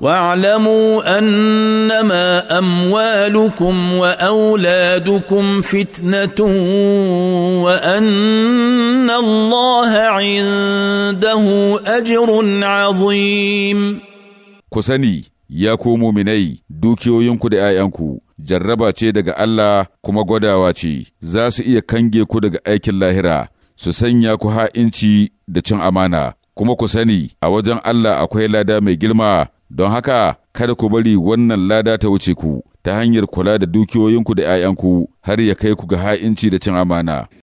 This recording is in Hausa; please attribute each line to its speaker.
Speaker 1: واعلموا انما اموالكم واولادكم فتنه وان الله عنده اجر
Speaker 2: Ku sani ya كومو مني dukiyoyinku da 'ya'yanku jarraba ce daga Allah kuma gwadawa ce za su iya kange ku daga aikin lahira su sanya ku ha'inci da cin amana kuma ku sani a wajen Allah akwai lada mai girma don haka kada ku bari wannan lada ta wuce ku ta hanyar kula da dukiyoyinku da 'ya'yanku har ya kai ku ga ha'inci da cin amana.